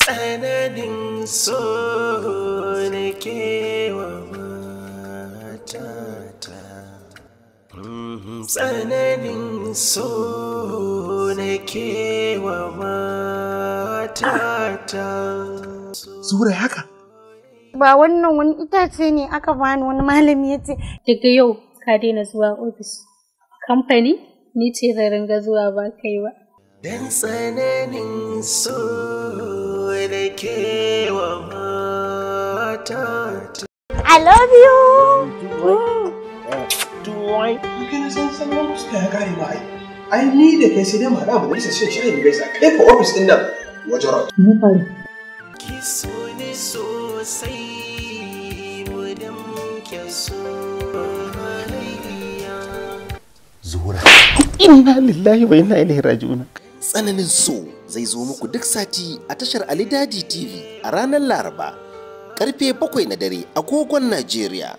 tsananin so na kewa matata tsananin so na kewa matata zura haka ba wannan wani itace ne aka bani wani malami ya ce daga yau ka daina zuwa ofis kamfani ni ce da ringa zuwa ba kai ba dan tsananin so kewa mata I love you. Duwai. Kana san sannan fuska ya kare ma ai. Ai ni da kai sai dai mu haɗa mu da shi shi gaisa. Kai ka office nan wajen rot. Ni fa. Ki sosai mu da muke lillahi wa inna ilaihi tsananin so zai zo muku duk sati a tashar alidadi TV a ranar Laraba, ƙarfe bakwai na dare agogon Najeriya.